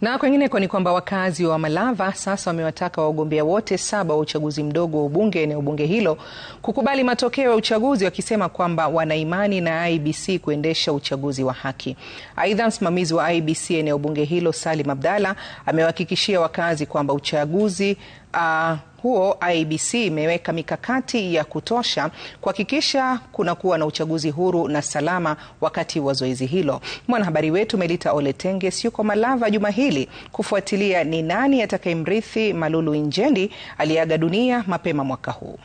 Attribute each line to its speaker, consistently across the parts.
Speaker 1: Na kwengineko ni kwamba wakazi wa Malava sasa wamewataka wagombea wote saba wa uchaguzi mdogo wa ubunge eneo bunge hilo kukubali matokeo ya uchaguzi wakisema kwamba wana imani na IEBC kuendesha uchaguzi wa haki. Aidha, msimamizi wa IEBC eneo bunge hilo Salim Abdalla amewahakikishia wakazi kwamba uchaguzi uh, huo IEBC imeweka mikakati ya kutosha kuhakikisha kunakuwa na uchaguzi huru na salama wakati wa zoezi hilo. Mwanahabari wetu Melita Oletenges yuko Malava juma hili kufuatilia ni nani atakayemrithi Malulu Injendi aliyeaga dunia mapema mwaka huu.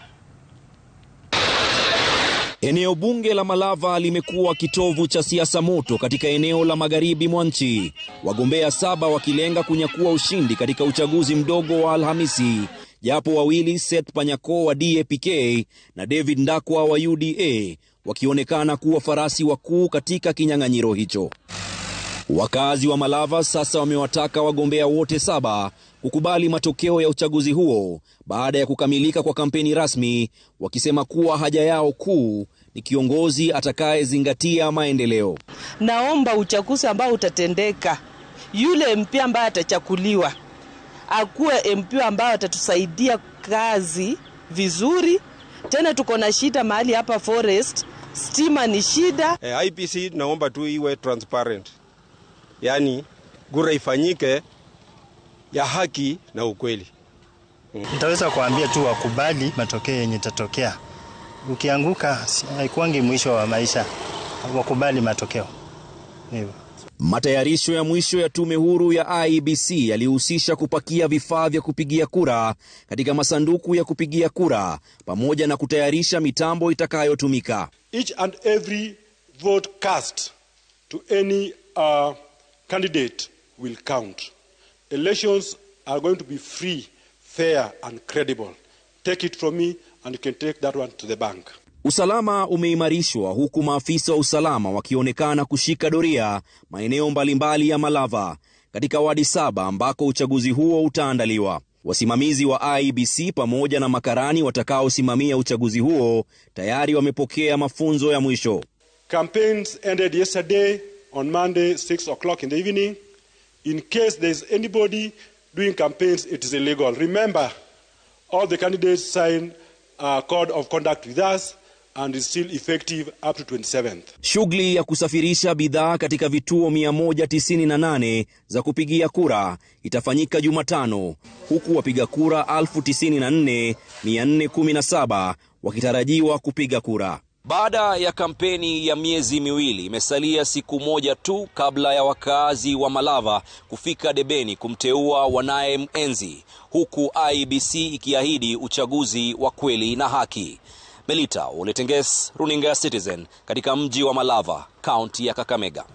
Speaker 2: Eneo bunge la Malava limekuwa kitovu cha siasa moto katika eneo la magharibi mwa nchi, wagombea saba wakilenga kunyakua ushindi katika uchaguzi mdogo wa Alhamisi japo wawili Seth Panyako wa DAPK na David Ndakwa wa UDA wakionekana kuwa farasi wakuu katika kinyang'anyiro hicho. Wakazi wa Malava sasa wamewataka wagombea wote saba kukubali matokeo ya uchaguzi huo baada ya kukamilika kwa kampeni rasmi, wakisema kuwa haja yao kuu ni kiongozi atakayezingatia maendeleo.
Speaker 3: Naomba uchaguzi ambao utatendeka, yule mpya ambaye atachakuliwa akuwe MP ambayo atatusaidia kazi vizuri. Tena tuko na shida mahali hapa forest, stima ni shida.
Speaker 4: E, eh, IPC naomba tu iwe transparent, yaani gura ifanyike ya haki na ukweli.
Speaker 5: Mm. Nitaweza kuambia tu wakubali matokeo yenye tatokea. Ukianguka haikuangi mwisho wa maisha, wakubali matokeo.
Speaker 2: Matayarisho ya mwisho ya tume huru ya IEBC yalihusisha kupakia vifaa vya kupigia kura katika masanduku ya kupigia kura pamoja na kutayarisha mitambo itakayotumika.
Speaker 6: Each and every vote cast to any uh, candidate will count. Elections are going to be free, fair and credible. Take it from me and you can take that one to the bank.
Speaker 2: Usalama umeimarishwa huku maafisa wa usalama wakionekana kushika doria maeneo mbalimbali ya Malava katika wadi saba ambako uchaguzi huo utaandaliwa. Wasimamizi wa IEBC pamoja na makarani watakaosimamia uchaguzi huo tayari wamepokea mafunzo ya mwisho.
Speaker 6: Campaigns ended yesterday on Monday 6 o'clock in the evening. In case there is anybody doing campaigns, it is illegal. Remember, all the candidates sign a code of conduct with us and is still effective up to 27th.
Speaker 2: Shughuli ya kusafirisha bidhaa katika vituo 198 za kupigia kura itafanyika Jumatano huku wapiga kura 94417 wakitarajiwa kupiga kura. Baada ya kampeni ya miezi miwili, imesalia siku moja tu kabla ya wakaazi wa Malava kufika Debeni kumteua wanayemwenzi, huku IEBC ikiahidi uchaguzi wa kweli na haki. Melita Oletenges, runinga ya Citizen katika mji wa Malava, kaunti ya Kakamega.